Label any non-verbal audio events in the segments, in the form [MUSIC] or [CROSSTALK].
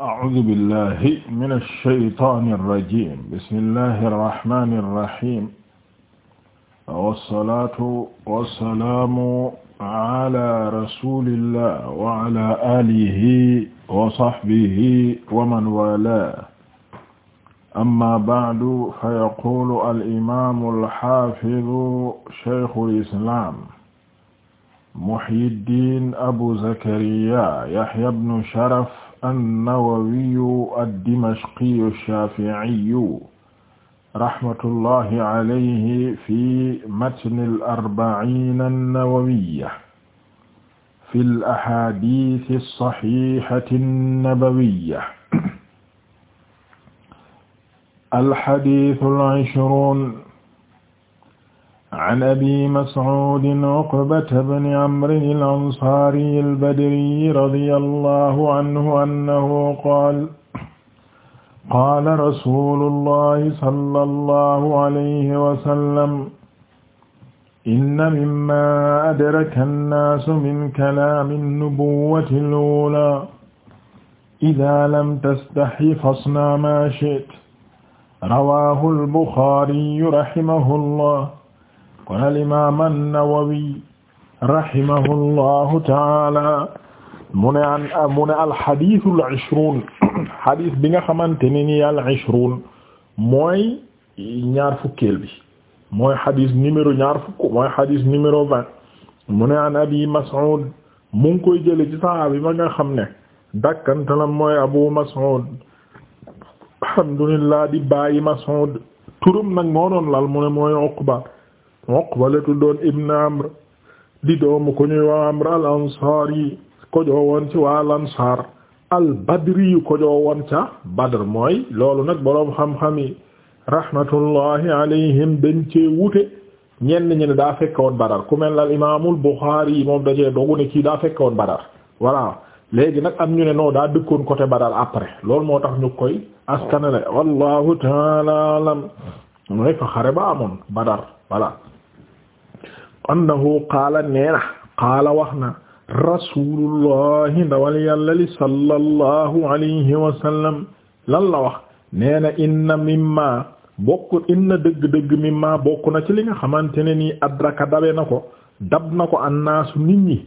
أعوذ بالله من الشيطان الرجيم بسم الله الرحمن الرحيم والصلاة والسلام على رسول الله وعلى آله وصحبه ومن والاه أما بعد فيقول الإمام الحافظ شيخ الإسلام محي الدين أبو زكريا يحيى بن شرف annawawiyu addimashqiyu shaafi'iyu rahmatullahi alayhi fi matnil arba'iin annawawiyya fil ahaadiisi saxiixati nabawiyya. alxadiisul ishruun an abi mas'uudin uqbata bni amrin al-ansaari al-badri radiyallahu anhu annahu qaala qaala rasuulullahi sallallahu alayhi wa sallam inna mimmaa adraka an-naasu min kalaami an-nubuwwati al-uulaa idaa lam tastahi fasnaa maa shi'ta rawaahu al-buxaari rahimahullah kon al imaam an-Nawawi rahimahullahu taala mu ne an mu ne alxadiisul ishruun xadis bi nga xamante ne ni al ishruun mooy ñaar fukkeel bi mooy xadis numéro ñaar fukk mooy xadis numéro vingt mu ne an abi Mas'ud mu ngi koy jële ci saxaaba bi ma nga xam ne dakkantalam mooy abu Mas'ud alhamdulillah di bàyyi Mas'ud turam nag moo doon lal mu ne mooy Uqba Uqba la tuddoon ibn Amr di doomu ku ñuy waa Amr al Ansari ko joowoon ci waa al Ansar al Badri yu ko joowoon ca Badr mooy loolu nag boroom xam-xam yi rahmatullahi alayhim dañ cee wute ñenn ñi ne daa fekkoon Badar ku mel ne al imaamul Bukhari moom dajee dogu ne kii daa fekke fekkoon Badar voilà léegi nag am ñu ne noo daa dëkkoon côté Badar après loolu moo tax ñu koy askanale wallahu taala alam mooy fa xare ba amoon Badar voilà annahu qaala neena qaala wax na rasulullahi ndawal yàlla li sallallahu alayhi wa lan la wax nee na inna mimma bokk inna dëgg-dëgg mimma bokk na ci li nga xamante ne nii adraka dabe na ko dab na ko annaasu nit ñi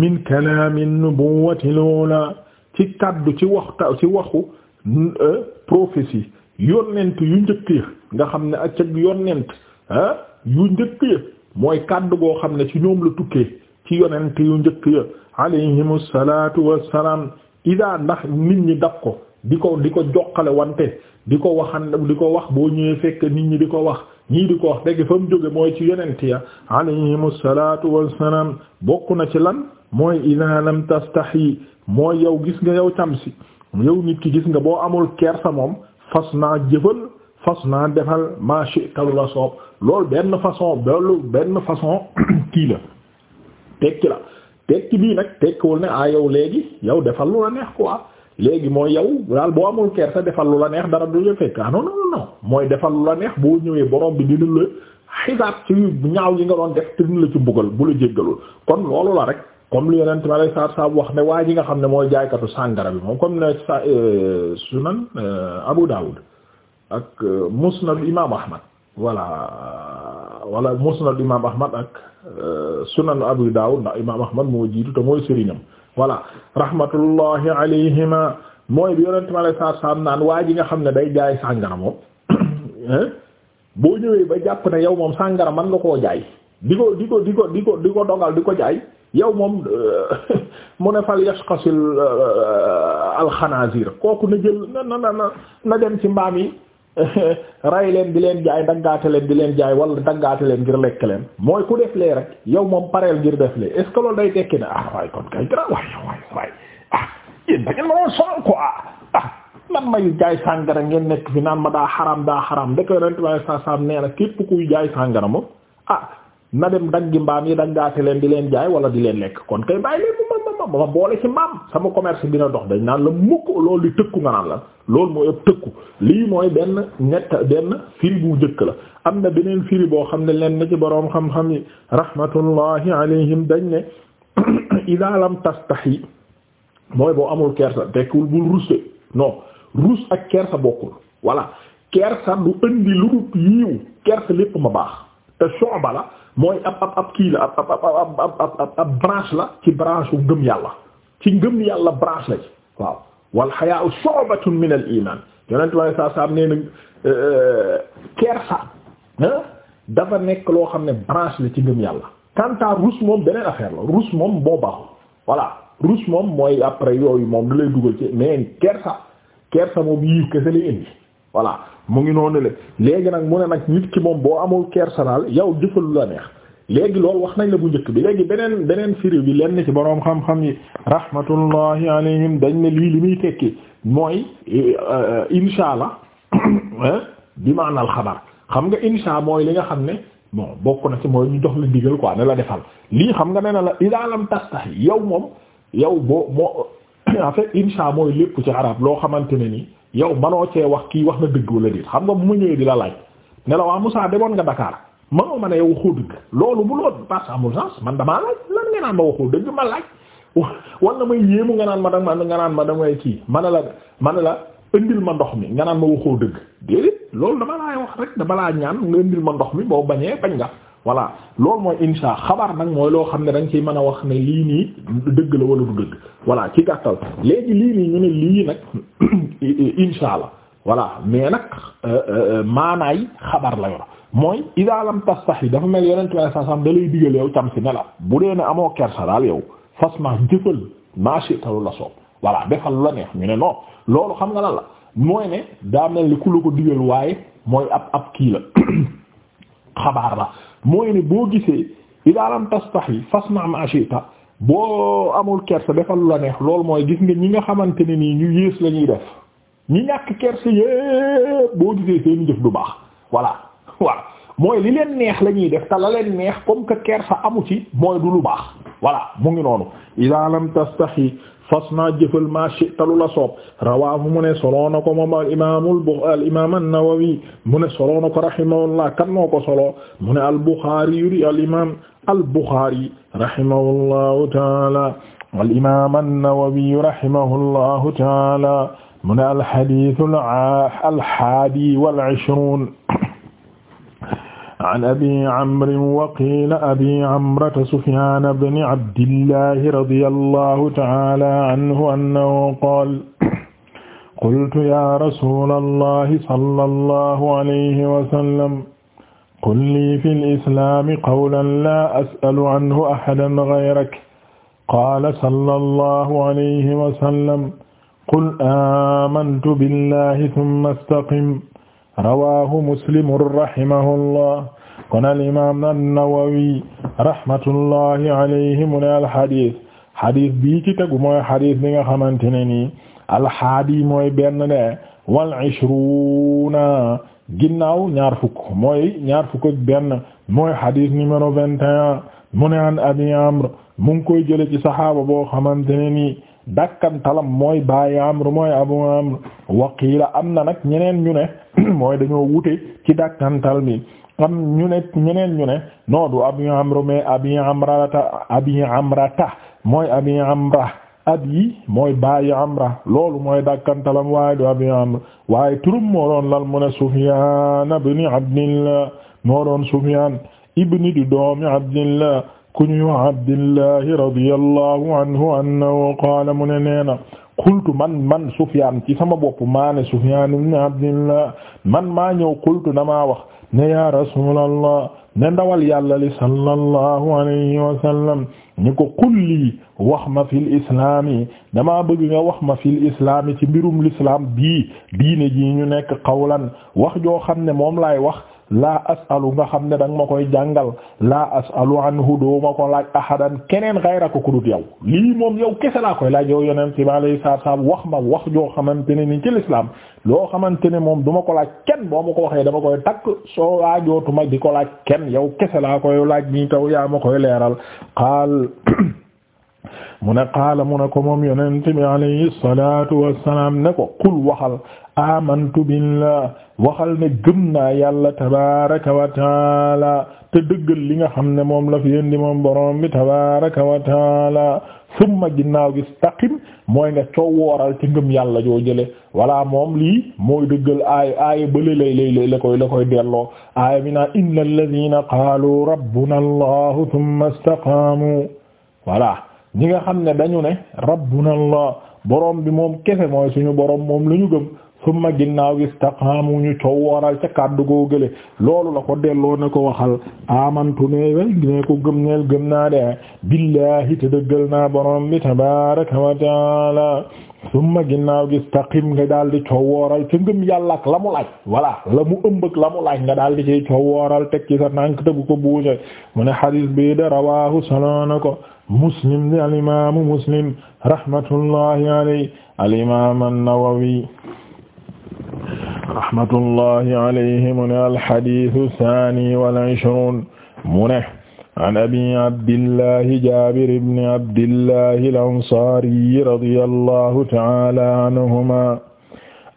min kalaami nubuwati loola ci kaddu ci waxta ci waxu euh, prophétie yonent yu njëkk ya nga xam ne ak ca yonent ah yu njëkk ya mooy kàddu goo xam ne ci ñoom la tukkee ci yonent yu njëkk ya alayhimu salaatu wassalaam idaa ndax nit ñi daf ko di ko di ko joqale wante di ko waxan di ko wax boo ñëwee fekk nit ñi di ko wax ñii di ko wax dëgg fa mu jóge mooy ci yonent ya alayhimu salaatu wassalaam bokk na ci lan mooy idaa lam tastahi mooy yow gis nga yow tam si yow nit ki gis nga boo amul kersa moom fas naa jëfal fas naa defal ma shi'ta lu la soob loolu benn façon loolu benn façon [CLEARS THROAT] kii la tekki la tekki bii nag tekkiwul ne ah yow léegi yow defal lu la neex quoi léegi mooy yow daal boo amul kersa defal lu la neex dara du la fekk ah non non non mooy defal lu la neex boo ñëwee borom bi dina la xisaab ci ñaaw yi nga doon def te dina la ci mbugal bu la jéggalul kon loolu la rek comme li yeneen tamit saa saa wax ne waa ji nga xam ne mooy jaaykatu sàngara bi moom comme ne sa euh, sunan euh, Abu Dawud. ak euh, musnad imam ahmad voilà wala musnad imam ahmad ak euh, sunan abu dawud ndax imam ahmad moo jiitu te mooy sëriñam voilà rahmatullahi alayhima mooy bi yonente mi alei nga xam ne day jaay sàngara moom [COUGHS] boo ñëwee ba jàpp ne yow moom sàngara man nga koo jaay di ko di ko di ko di ko di ko dogal di ko jaay yow moom euh, [LAUGHS] mu ne fal yashqasil alxanaazir kooku na jël na na na dem ci mbaam yi [LAUGHS] ray leen di leen jaay daggaate leen di leen jaay wala daggaate leen ngir lekk leen mooy ku def lee rek yow moom pareel ngir def lee est day tekki ne ah waay kon kay dara waay waay waay ah yéen da ngeen ma doon sonal quoi ah man ah, may jaay sàngara ngeen nekk fi naan ma daa xaram daa xaram dëkk yonent bi sallallahu alayhi wasallam nee na kuy jaay sàngara moom ah na dem daggi mbaam yi daggaate leen di leen jaay wala di leen lekk kon kay bàyyi leen mu ma ma ma boole ci mbaam sama commerce dina dox dañ naan la mukk loolu li tëkku nga naan la loolu mooy lii mooy benn ñett benn firi bu la am na beneen firi boo xam ne leen ci boroom xam yi rahmatullahi alayhim dañ ne [COUGHS] idaa lam tastahi amul kersa tekkul bul rus de non rus ak kersa bokkul voilà kersa du indi lu dul yiiw kersa lépp ma baax te soba la mooy ab ab ab kii la ab ab ab ab ab branche la ci branche wu ngëm yàlla ci ngëm yàlla branche la ci waaw wal hayaa'u shu'batun min al iman yonent bi saa saa nee na euh, euh, kersa dafa nekk loo xam ne branche la ci ngëm yàlla. quant à moom beneen affaire la rus moom boo baaxul voilà moom mooy après yooyu moom da lay dugal ci mais kersa kersa moom yii kese lay indi. voilà mu ngi noonu le léegi nag mu ne nag nit ki moom boo amul kersa daal yow jëfalu la neex léegi loolu wax nañ la bu njëkk bi léegi beneen beneen firi bi lenn ci boroom xam-xam yi rahmatullahi alayhim dañ ne lii li muy tekki mooy euh, insha allah [COUGHS] bi maanal xabar xam nga insha mooy li nga xam ne bon bokk na ci mooy ñu jox la ndigal quoi ne la defal lii xam nga ne na la idaalam tax yow moom yow boo moo [COUGHS] en fait insha mooy lépp ci arab loo xamante ne nii yow manoo cee wax kii wax na dëgg wala déet xam nga bu ma ñëwee di la laaj ne la waa Moussa nga Dakar manoo ma ne yow waxoo dëgg loolu mu loolu parce amul sens man damaa laaj lan nga naan ma waxoo dëgg ma laaj war na may yéemu nga naan ma da nga naan ma da ngay kii ma ne la ma ne la indil ma ndox mi nga naan ma waxoo dëgg déedéet loolu dama laay wax rek dama laa ñaan nga indil ma ndox mi boo bañee bañ nga voilà loolu mooy insha xabaar nag mooy loo xam ne dañ ciy mën a wax ne lii nii dëgg la wala du dëgg voilà ci gàttal léegi lii nii ñu ne lii nag [CLEARS THROAT] insha allah voilà mais nag euh, euh, maanaay xabaar la yor mooy idaa lam tastahi dafa mel yeneen tubaab saa saam da digal yow tam si ne la bu dee ne amoo kersa daal yow fas ma jëfal naa seetalu la soob voilà defal la neex ñu ne non loolu xam nga lan la mooy ne daa mel ni ku la ko digal waaye mooy ab ab kii la [CLEARS THROAT] xabaar mooy ne boo gisee idaa lam tastahi fasna ma shi'ta boo amul kersa defal la neex loolu mooy gis nga ñi nga xamante ne nii ñu yées la ñuy def ñi ñàkk kersa yépp boo gisee seen jëf du baax voilà voilà mooy li leen neex la ñuy def te la neex comme que kersa amu ci mooy du lu baax voilà mu ngi noonu idaa lam tastahi fas naa jëfal ma shi'ta lu la soob rawaahu mu ne soloo na ko moom al imaamul al imaam an-Nawawi mu ne soloo na ko rahimahullah kan moo ko soloo mu ne al Buxaari yuri al imaam al Buxaari rahimahullahu taala al imaam an-Nawawi rahimahullahu taala mu ne al hadiisul al haadi wal ishruun an abi amrin wa qiila abi amrata sufyaan bni abdillahi radiyallahu ta'aala anhu annahu qaala qultu yaa rasuulallahi sallallahu alayhi wa sallam qul lii fil islaami qawlan laa as'alu anhu ahadan ghayrak qaala sallallahu alayhi wa sallam qul aamantu billahi thumma istaqim rawaahu muslim rahimahullah kon al imaam an-Nawawi rahmatullahi alayhi mu ne alxadis xadis bii ci tegu mooy xadis bi nga xamante ne nii alxaadi mooy benn ne wal ishruuna ginnaaw ñaar fukk mooy ñaar fukk ak benn mooy xadis numéro vingt et un mu ne an Abi Amr mu ngi koy jële ci saxaaba boo xamante ne nii dakkantalam mooy baay amru mooy abu amru waqiila am na nag ñeneen ñu ne [CLEARS THROAT] mooy dañoo wute ci dakkantal mi am ñu ne ñeneen ñu ne non du abi amru mais abi amrata abi amrata mooy abi amra abi mooy baay amra loolu mooy dakkantalam waaye du abi amru waaye turum moo doon lan mu ne sufyaan ibn abdillah moo doon sufyaan ibni di doomi abdillah ku ñuy wax abdillahi radiyallahu anhu annahu qaala mu ne nee na qultu man man Sufyaan ci sama bopp maa ne Sufyaan ibn abdillah man maa ñëw qultu damaa wax ne ya rasulallah ne ndawal yàlla li sallallahu alayhi wa sallam wax ma fil islaam yi damaa bëgg nga wax ma fil islaam yi ci bii diine jii ñu nekk qawlan wax joo xam ne moom laay wax laa asalu nga xam ne da ma koy jàngal laa asalu anhu doo ko laaj ahadan keneen xayra ko kudut yow lii moom yow kese laa koy laaj yow yonent bi alayhi salaatu salaam wax ma wax joo xamante ne ni ci lislaam loo xamante ne moom du ma ko laaj kenn boo ma ko waxee dama koy takk soo laajootu ma di ko laaj kenn yow kese laa koy laaj nii taw yaa ma koy leeral qaal mu ne qaala mu ne ko moom yonent bi alayhi salaatu wassalaam ne ko qul waxal amantu billah waxal ne gëm naa yàlla tabaraka wa taala te dëggal li nga xam ne moom la fi yéen di moom borom bi tabaraka wa taala summa ginnaaw gi staqim mooy nga coow wooral ci ngëm yàlla joo jële walla moom lii mooy dëggal aaya aaya bële lay lay la koy la koy delloo aaya bi naa inna alladina qaalu rabbuna allahu thumma istaqaamu walla ñi nga xam ne dañu ne rabbuna allah borom bi moom kese mooy suñu borom moom lu gëm summa ginnaaw gi istaqaamu ñu coow waral ca kàddu goo gële loolu la ko delloo ne ko waxal amantu ne way ne ko naa de billahi te dëggal naa borom bi tabaraka wa taala summa ginnaaw gi istaqim nga daal di coow waral ca ngëm yàlla la mu laaj voilà la mu ëmb ak la mu laaj nga daal di ciy coow waral teg ci sa nànk ko buuse mu ne xadis bi da rawahu soloona ko muslim di alimamu muslim rahmatullahi alayhi alimamu an-Nawawi rahmatullahi alayhi mu ne alxadisu saani wal ishruun mu ne an abi abdillahi jabir ibni abdillahi al-ansaari radiyallahu ta'aala anhumaa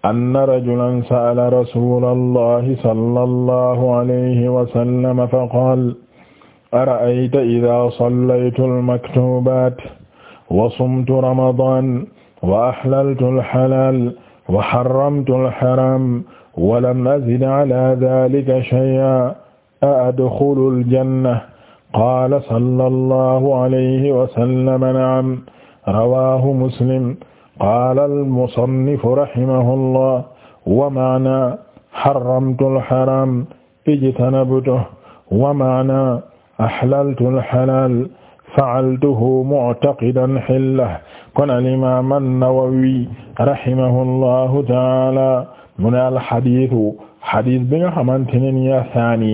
anna rajulan sa'ala rasuulallahi sallallahu alayhi wa sallam faqaala ara'ayta idhaa sallaytu al-maktuubaat wa sumtu ramadaan wa ahlaltu al-halaal wa xaramtu alxaram walam azid ala dalika shay'an a adxulu aljanna qaala sallallahu alayhi wa sallam na'am rawaahu muslim qaala almusannifu rahimahullah wa ma'naa xaramtu alxaram ijtanabtuhu wa ma'naa axlaltu alxalaal faaltuhu muctaqidan xillah kon alimaam annawawi rahimahu allahu taala mu ne alxadiisu xadiis bi nga xamante ne nii asaani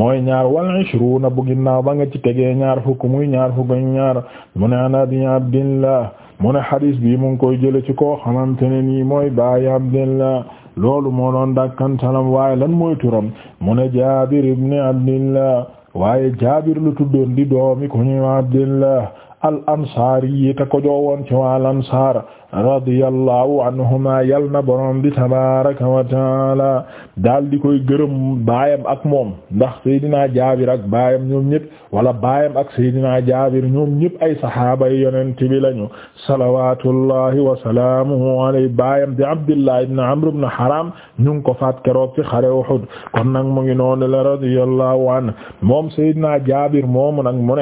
mooy ñaar wal ishruuna bu ginnaaw ba nga ci tegee ñaar fukk muy ñaar fukk ñaar mu ne an abi abdillah mu ne xadiis bi mu ngi koy jële ci koo xamante ne nii mooy baay abdillah loolu moo doon dakkantalam waaye lan mooy turam mu ne jaabir ibn abdillah waaye Jaabir lu tuddoon di doomi ko ñu Abdullah al ansaari te ko joowoon ci waa al ansaar radiyallahu anhuma yal na borom bi tabaaraka wa taala di koy gërëm baayam ak moom ndax Seydina Jaabir ak baayam ñoom ñëpp wala ak Seydina Jaabir ñoom ñëpp ay saxaaba yi yonent bi lañu salawaatullahi wa baayam di Abdullah ibn Amr ibn Haram ñu ko faat keroog ci xare Uhud kon nag mu ngi noonu la radiyallahu anhu moom Seydina Jaabir moomu nag mu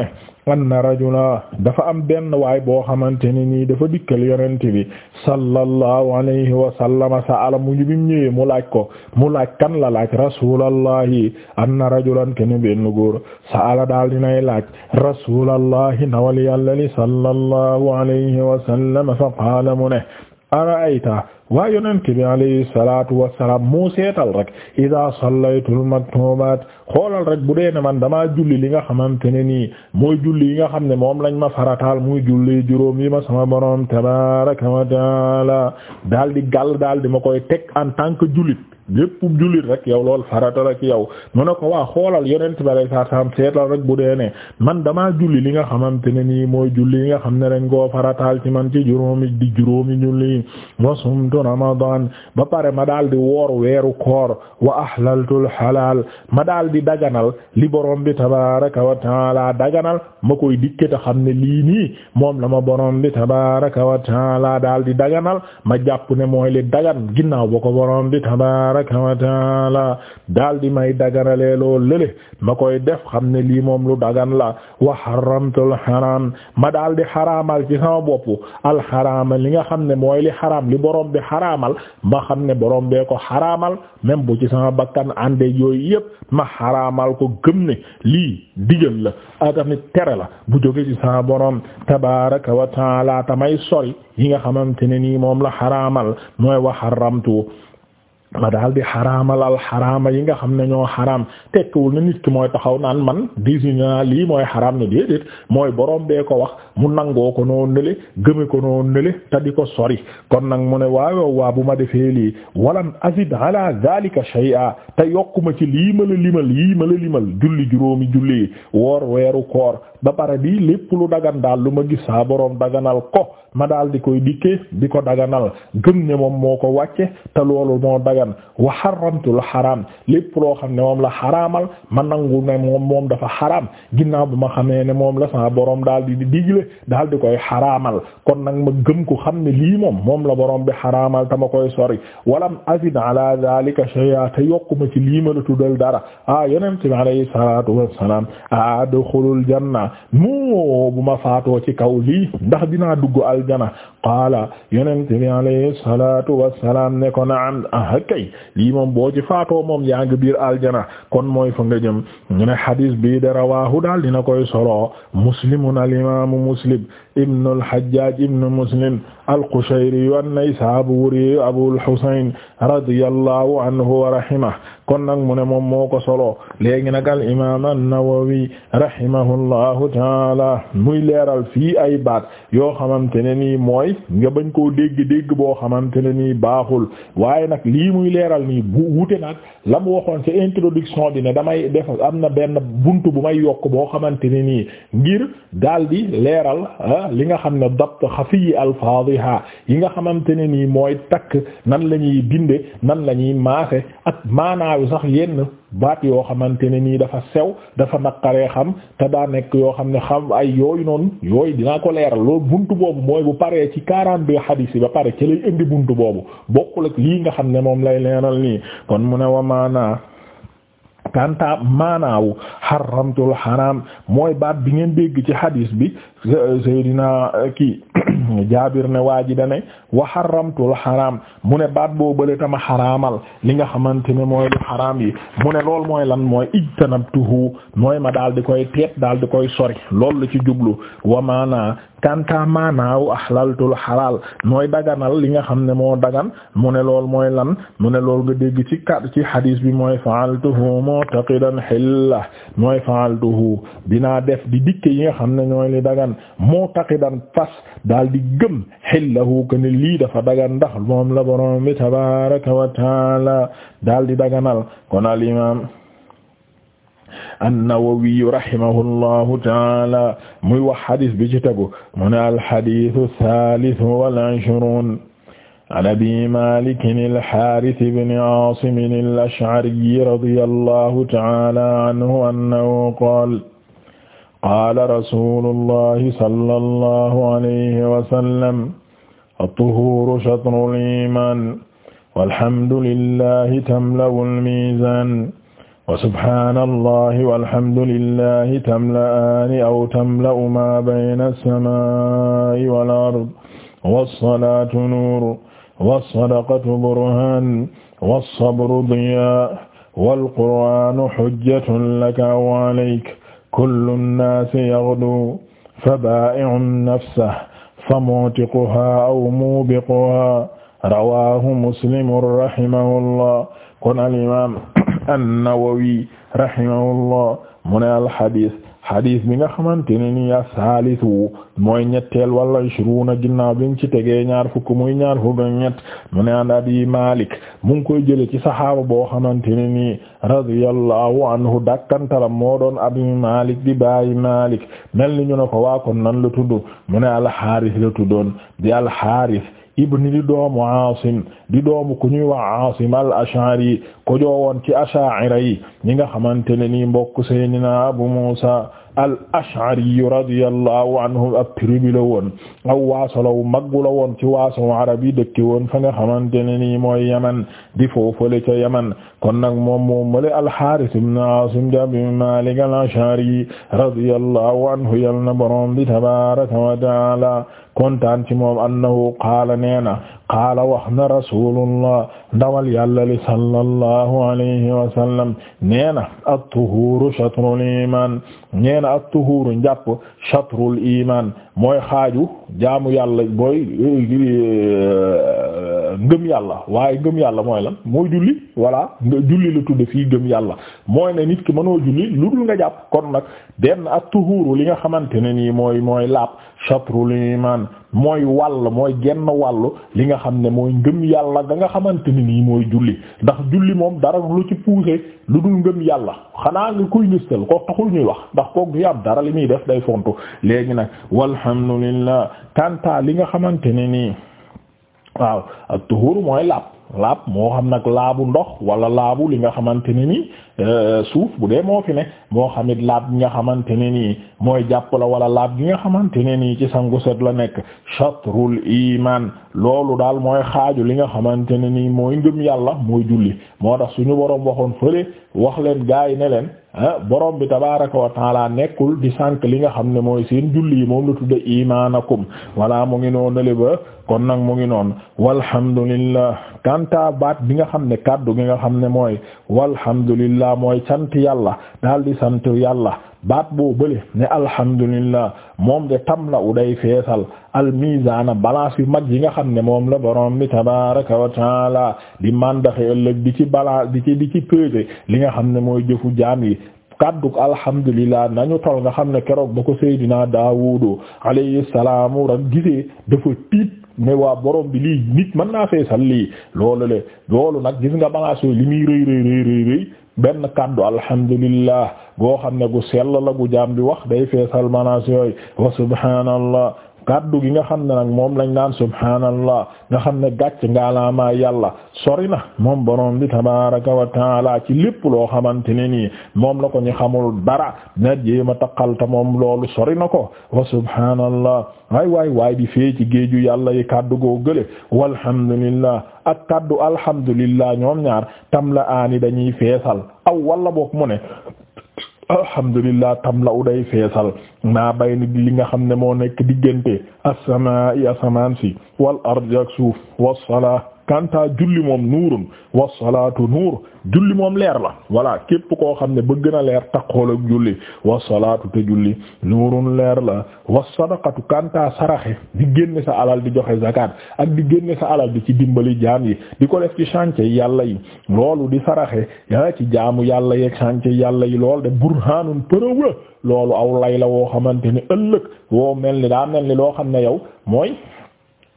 anna rajula dafa am benn waay boo xamante ni nii dafa dikkal yonent bi sallallahu alayhi wa sallama sa'ala mu ñu bi ñëwee mu laaj ko mu laaj kan la laaj rasulallahi anna rajulan kenn benn góor sa'ala daal dinay laaj rasulallahi nawal yàlla li sallallahu alayhi wa sallama fa qaala mu ne ara'ayta waa yonent bi alayhi salaatu wassalaam moo seetal rek idaa sallaytul maktubaat xoolal rek bu dee ne man damaa julli li nga xamante ne nii mooy julli yi nga xam ne moom lañ ma farataal muy julli juróom yi ma sama borom tabaaraka wa taala daal di gàll daal di ma koy teg en tant que jullit lépp jullit rek yow lool farata la ci yow mu ne ko waa xoolal yonent bi alayhi salaam seetal rek bu dee man damaa julli li nga xamante ne nii mooy julli nga xam ne dañ koo farataal ci man ci juróomi di juróomi julli wa sumtu ramadan ba pare ma daal di woor weeru koor wa ahlaltul halal ma daal di daganal li borom bi tabaaraka wa taala daganal ma koy dikke xam ne lii nii moom la ma borom bi tabaaraka wa taala daal di daganal ma jàpp ne mooy li dagan ginnaaw ba ko borom bi tabaraka daal di may daganalee loo lële ma koy def xam ne lii moom lu dagan la wa haramtul ma daal di xaramal ci sama bopp alxaraama li nga xam ne mooy li xaram li borom bi xaraamal ma xam ne borom bee ko xaraamal même bu ci sama bakkan ànde yooyu yépp ma xaraamal ko gëm ne lii digal la atamit tere la bu jóge ci sama borom tabaraka wa taala tamay sori yi nga xamante ne nii moom la xaramal mooy wa ma daal di xaraamalal xaraama yi nga xam ne ñoo xaraam tekkiwul na nit ki mooy taxaw naan man désigné lii mooy xaraam ne déedéet mooy borom bee ko wax mu nangoo ko noo nële gëme ko noo nële te di ko sori kon nag mu ne waaw waa bu ma defee lii walam azid ala zalika shay'a te yokkuma ci lii ma la limal ma la limal julli juróomi julli woor weeru koor ba pare bi lépp lu dagan daal lu ma gis saa borom daganal ko ma daal di koy dikkee di ko daganal gëm ne shay'an wa haramtul haram lépp loo xam ne moom la xaraamal ma nangu ne moom moom dafa xaraam ginnaaw bi ma xamee ne moom la sama borom daal di digle daal di koy xaraamal kon nag ma gëm ko xam ne lii moom moom la borom bi xaraamal te ma koy sori walam azid ala zalika shay'a te yokkuma ci lii ma la tuddal dara ah yonent bi alayhi salatu wassalam adxulul janna moo bu ma faatoo ci kaw lii ndax dinaa dugg aljana qaala yonent bi alayhi salatu wassalam ne ko na'am lii moom boo ci faatoo moom yaa ngi biir aljana kon mooy fa nga jëm ñu ne xadis bii de rawaahu daal dina koy solo muslimun al imaamu muslim ibnu al hajjaj ibnu muslim al qushayri an-naysaburi abul husayn radiyallahu anhu wa rahimahu kon nag mu ne moom moo ko solo léegi nag al imaam an-Nawawi rahimahullahu taala muy leeral fii ay baat yoo xamante ne nii mooy nga bañ koo dégg-dégg boo xamante ne nii baaxul waaye nag lii muy leeral nii bu wute nag la mu waxoon ci introduction bi ne damay def am na benn bunt bu may yokk boo xamante ne nii ngir daldi leeral ah, li nga xam ne dabt xafiyi alfaadiha yi nga xamante ne nii mooy takk nan la ñuy binde nan la ñuy maase ak maanaa ginnaaw sax yenn baat yoo xamante ne nii dafa sew dafa naqaree xam te daa nekk yoo xam ne xam ay yooyu noonu yooyu dinaa ko leeral loolu buntu boobu mooy bu paree ci quarante bi hadis yi ba pare ci lay indi buntu boobu bokkul ak lii nga xam ne moom lay leeral nii kon mu ne wa maanaa kanta maanaawu xaramtul xaraam mooy baat bi ngeen dégg ci hadis bi Seydina kii jaabir ne waa ji dane wa xaramtul xaraam mu ne baat boo bële tama xaraamal li nga xamante ne mooy lu xaraam yi mu ne lool mooy lan mooy ijtanabtuhu mooy ma daal di koy teet daal di koy sori loolu la ci jublu wa maana kanta maanaaw ahlaltul xalaal mooy daganal li nga xam ne moo dagan mu ne lool mooy lan mu ne lool nga dégg ci kat ci xadiis bi mooy fa'altuhu mu'taqidan xilla mooy fa'altuhu dinaa def di dikke yi nga xam ne ñooy li dagan mu'taqidan fas daal di gëm xillahu ko ne lii dafa dagan ndax moom la borom bi tabaraka wa taala daal di daganal kon al imam an-Nawawi rahimahullahu taala muy wax xadis bi ci tegu mu ne alxadisu thalith wal ishrun an abi malikin al-Harith ibn Asim al-Ash'ari radiyallahu taala anhu annahu qaala qaala rasulullahi sallallahu alayhi wa sallam at-tuhuuru shatrul iimaan walhamdulillahi tamla'ul miizaan wa subhaanallahi walhamdulillahi tamla'aani aw tamla'u maa bayna as-samaa'i wal ard was-salaatu nuur was-sadaqatu burhaan was-sabru diyaa wal qur'aanu hujjatun laka aw alayka kullu nnaasi yaghdu fa baa'i'u nafsahu fa mu'tiquhaa aw muubiquhaa rawaahu muslimun rahimahullah kon al imaam an-Nawawi rahimahullah mu ne al hadiis xadis mi nga xamante ne ni a mooy ñetteel wala ishruna ginnaaw bi ci tegee ñaar fukk muy ñaar fukk ak ñett mu ne an abi malik mu ngi koy jële ci saxaaba boo xamante ne nii radiyallahu anhu dakkantalam moo doon abi malik di bàyyi malik mel ni ñu ne ko waa kon nan la tudd mu ne alxaaris la tuddoon di alxaaris ibni di doomu Aasim di doomu ku ñuy wax Aasim al-Ash'ari ko joowoon ci Ash'ari yi ñi nga xamante ne nii mbokk Seydina Abu Muusa al ash'ari radiyallahu anhu ab tribu la woon aw waasolaw maggu la woon ci waasow arab yi dëkki woon fa nga xamante ne nii mooy yaman di foofale ca yaman kon nag moom moom male alxaaris ibn aasim di abi maalik al ash'ari radiyallahu anhu yal na boroom bi tabaraka wa taala kontaan ci moom annahu qaala neena qaala wax na rasulullah ndawal yàlla li sallallahu alayhi wa sallam neena at-tuhuru shatrul iman ak at-tuhuru njàpp shatrul iman mooy xaaju jaamu yàlla booy euh, ngëm yàlla waaye ngëm yàlla mooy lan moo julli voilà nga julli la tudd fii ngëm yàlla mooy ne nit ki mënoo julli lu dul nga jàpp kon nag benn ak tuhuru li nga xamante ne nii mooy mooy laab shatrul iman mooy wàll mooy genn wàllu li nga xam ne mooy ngëm yàlla ga nga xamante ni nii mooy julli ndax julli moom dara lu ci poussé lu dul ngëm yàlla xanaa nga kuy ngistal ko taxul ñuy wax ndax kook du am dara li muy def day fontu léegi nag walhamdulillah kanta li nga xamante ne nii waaw ak mooy làpp laab moo xam nag laabu ndox wala laabu li nga xamante ne ni euh, suuf bu dee moo ne moo xamit laab gi nga xamante ne nii mooy jàpp la wala laab gi nga xamante ne nii ci sangu set la nekk chatrul iman loolu daal mooy xaaju li nga xamante ne nii mooy ngëm yàlla mooy julli moo tax suñu boroom waxoon fële wax leen gaay ne leen Ah, borom bi tabaaraka wa nekkul di sànq li nga xam ne mooy seen julli yi moom la tudde imaanakum wala mu ngi noonu le ba kon nag mu ngi noon walhamdulillah kanta baat bi nga xam ne kàddu gi nga xam ne mooy walhamdulillah mooy sant yàlla daal di sant yàlla baat boo bële ne alhamdulillah moom de tam la u day feesal almisaana balance yu mag yi nga xam ne moom la borom bi tabaraka wa di mandaxe ëllëg di ci balance di ci di li nga xam ne mooy jëfu jaam yi kadduk alhamdulillah ñu tol nga xam ne keroog ba ko seydina daawudu alayhi salaamu rak gisee ne waa borom bi lii nit mën naa feesal lii loolu le loolu nag gis nga bagaas yooyu li muy rëy rëy rëy rëy benn kàddu alhamdulillah goo xam ne gu sell la gu jaam bi wax day feesal bagaas yooyu wa subhaanallah kàddu gi nga xam ne nag moom lañ naan subhaanallah nga xam ne gàcc ngaalaamaa yàlla sori na moom borom bi tabaaraka wa taala ci lépp loo xamante ne nii moom la ko ñu xamul dara na jéema taqal ta moom loolu sori na ko wa subhaanallah waay waay waay di fee ci géeju yàlla yi kàddu goo gële walhamdulillah ak kaddu alhamdulillah ñoom ñaar tam la aani dañuy feesal aw walla boog mu ne alhamdulillah tamla'u day feesal maa bayna li nga xam ne moo nekk diggante as-samaa'i asamaan si wal ardi ak suuf was-salaa kanta julli moom nuurun wa salaatu nuur julli moom leer la voilà képp koo xam ne bëgg na leer takkool ak julli wa salaatu te julli nuurun leer la wa sadaqatu kanta saraxe di génne sa alal di joxe zakat ak di génne sa alal di ci dimbali jaam yi di ko def ci chantier yàlla yi loolu di saraxe yaa ci jaamu yàlla yeeg chantier yàlla yi lool de burhanun preuve loolu aw lay la woo xamante ni ëllëg woo mel ni daa mel ni loo xam ne yow mooy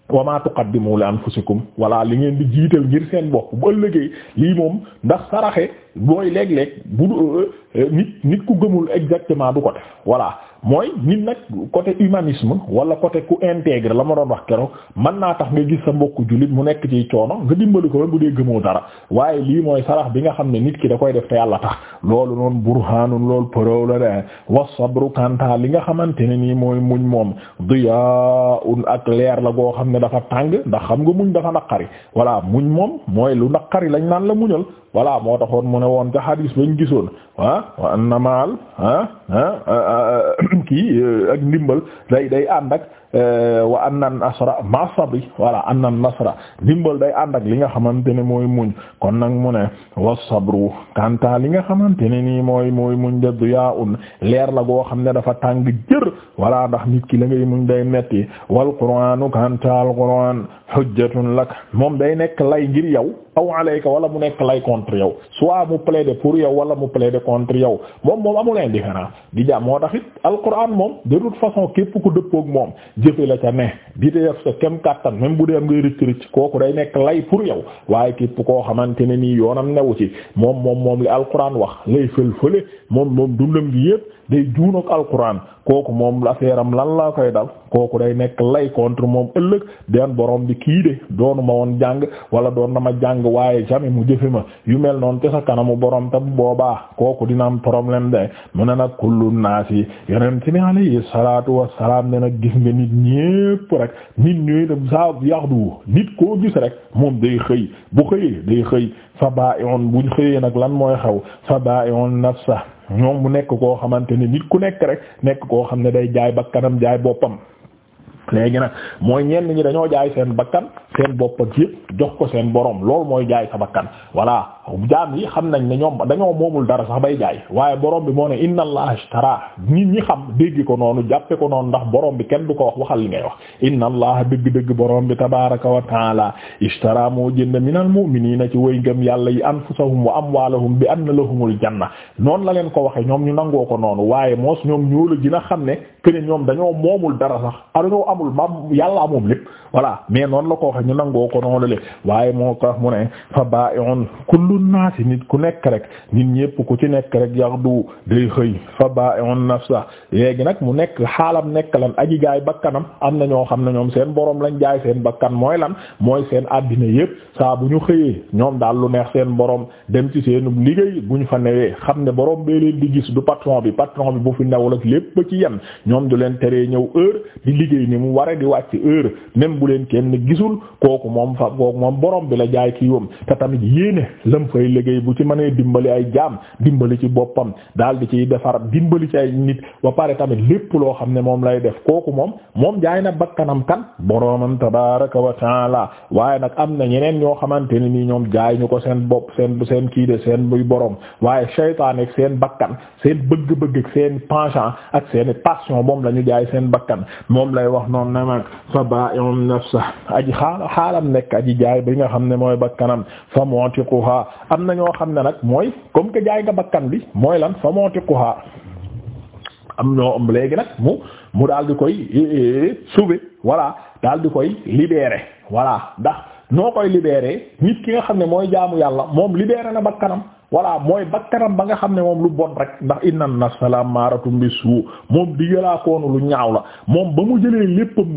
wa ma tuqaddimu li anfusikum walla li ngeen di jiital ngir seen bopp bu ëllëgee lii moom ndax saraxe booy léeg-léeg bu euh, euh, nit nit ku gëmul exactement du ko def voilà mooy nit nag côté humanisme wala côté ku intègre la ma doon wax keroog man naa tax nga gis sa mbokku jullit mu nekk ci coono nga dimbali ko ba bu dee gëmoo dara waaye lii mooy sarax bi nga xam ne nit ki da koy def te yàlla tax loolu noonu burhaanun loolu preuve la de wa sabru kanta li nga xamante ne nii mooy muñ moom diyaa'un ak leer la goo xam ne dafa tàng ndax xam nga muñ dafa naqari voilà muñ moom mooy lu naqari lañ naan la muñal voilà moo taxoon mu ne woon ca xadiis bañ gisoon ah wa anna kii euh, ak ndimbal day day ànd ak Eh, wa anna nasra ma sabri wala annan nasra dimbal day ànd ak li nga xamante ne mooy muñ kon nag mu ne wa sabru kanta li nga xamante ne nii mooy mooy muñ de duyaa un leer la goo xam ne dafa tàng jër wala ndax nit ki la ngay muñ day metti wal qur'anu kanta al qur'an hujjatun lak moom day nekk lay ngir yow aw alayka wala mu nekk lay contre yow soit mu plaide pour yow wala mu plaide contre yow moom moom amul indifférence di jàmm moo tax al qur'an ku dëppook moom jëfe la ca ne di def sa kem kàttan même bu dee am ngay rëcc rëcc kooku day nekk lay pour yow waaye képp koo xamante ne nii yoonam newu ci moom moom moom li alkuraan wax lay fël fële moom moom dundam gi yépp day juun ak alquran kooku moom affaire am lan laa koy dal kooku day nekk lay contre moom ëllëg den borom bi kii de doonu ma woon jàng wala doon na ma jàng waaye jamais mu jëfe ma yu mel noonu te sa kanamu borom tam boobaa kooku dina am problème de mu ne nag kullu naasi yeneen ci bi alayhi salaatu wassalaam ne nag gis nga nit ñépp rek nit ñooy dem saa yaxdu nit koo gis rek moom day xëy bu xëyee day xëy fa baa'i'un bu xëyee nag lan mooy xaw fa baa'i'un nafsa ñoom mu nekk koo xamante ne nit ku nekk rek nekk koo xam ne day jaay bakkanam jaay boppam léegi nag mooy ñenn ñi dañoo jaay seen bakkan seen bopp ak yëpp jox ko seen boroom lool mooy jaay sa bakkan voilà jaam yi xam nañ ne ñoom ba dañoo moomul dara sax bay jaay waaye borom bi moo ne inna allaha ashtara nit ñi xam dégg ko noonu jàppe ko noonu ndax borom bi kenn du ko wax waxal li ngay wax inna allaha dëgg-dëgg borom bi tabaraka wa taala ishtara moo jënd minal mu'minina ci way ngëm yàlla yi anfusahum wa amwalahum bi anna lahumul janna noonu la leen ko waxe ñoom ñu nangoo ko noonu waaye moos ñoom ñoo la xam ne que ñoom dañoo moomul amul mam yàllaa moom lépp voilà mais noonu la ko waxe ñu nangoo ko noonu le waaye moo ko mu ne fa baa'i'un kullu naasi nit ku nekk rek nit ñépp ku ci nekk rek yaxdu day xëy fa baa'i'un nafsa léegi nag mu nekk xaalam nekk lan aji jaay bakkanam am na ñoo xam ne ñoom seen boroom lañ jaay seen bakkan mooy lan mooy seen àddina yépp saa bu ñu xëyee ñoom daal lu neex seen boroom dem ci seen liggéey bu fa newee xam ne borom bee leen di gis du patron bi patron bi fi newul mu ware di wàcc heure même bu leen kenn gisul kooku moom fa kooku moom borom bi la jaay kii wam te tamit yéene lam fay liggéey bu ci mënee dimbali ay jaam dimbali ci boppam daal di ciy defar dimbali ci ay nit ba pare tamit lépp loo xam ne moom lay def kooku moom moom jaay na bakkanam kan boromam tabaraka wa taala waaye nag am na ñeneen ñoo xamante ne nii ñoom jaay ñu ko seen bopp seen seen kii de seen buy boroom waaye shaytaan seen bakkan seen bëgg-bëgg seen penchant ak seen passion moom la ñu jaay seen bakkan noon ne mag fa baa'i'un nafsa aji xaala xaalam nekk aji jaay bi nga xam ne mooy bakkanam fa mu'tiquha am na ñoo xam ne nag mooy comme que jaay nga bakkan bi mooy lan fa mu'tiquha am ñoo am léegi nag mu mu daal di koy eh, eh, eh, sauver voilà daal di koy libérer voilà ndax noo koy libérer nit ki nga xam ne mooy jaamu yàlla moom libérer na bakkanam voilà mooy bakkanam ba nga xam ne moom lu bon rek ndax inna nafsa la maaratum bi suu moom digalaa koonu lu ñaaw la moom ba mu jëlee léppam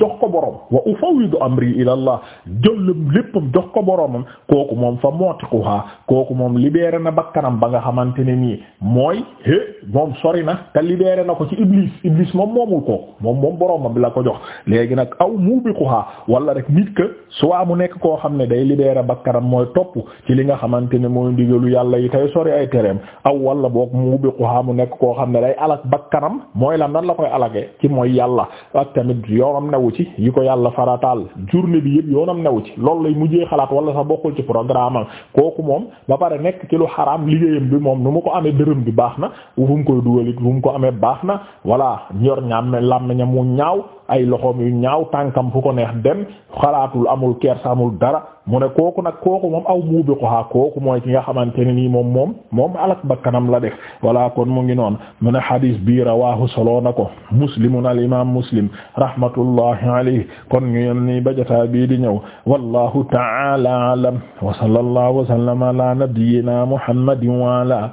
jox ko borom wa ufawwidu amri ila allah jëllam léppam jox ko boromam kooku moom fa mootiquhaa kooku moom libeere na kanam ba nga xamante ne nii mooy hé moom sori na te libéré na ko ci iblis iblis moom moomul kooku moom moom boromam bi la ko jox léegi nag aw muubiquhaa wala rek nit que soit mu nekk koo xam ne day libéré bakkanam mooy topp li nga xamante ne ndigalu yàlla yi tey sori ay tereem aw walla boog mu ubbi xuhaa mu nekk koo xam ne day alak bakkanam mooy lan nan la koy alage ci mooy yàlla ak tamit yoonam newu ci yi ko yàlla farataal journée bi yëpp yoonam newu ci loolu lay mujjee xalaat wala sa bokkul ci programme am kooku moom ba pare nekk ci xaraam liggéeyam bi moom nu mu ko amee dërëm bi baax na fu mu koy dugalit fu mu ko amee baax na voilà ñor ñaam làmmiñam mu ñaaw ay loxoom yu ñaaw tànkam fu ko neex dem xalaatul amul kersa amul dara mu ne kooku nag kooku moom aw muubi ko ha kooku mooy ki nga xamante ne nii moom moom moom alak bakkanam la def wala kon mu ngi noon mu ne hadis bi rawahu soloo na ko muslimun al imam muslim rahmatullahi alayhi kon ñu yem ni bajataa bii di ñëw wallahu ta'ala alam wa sallallahu wa sallama ala nabiyyina muhammadin wa ala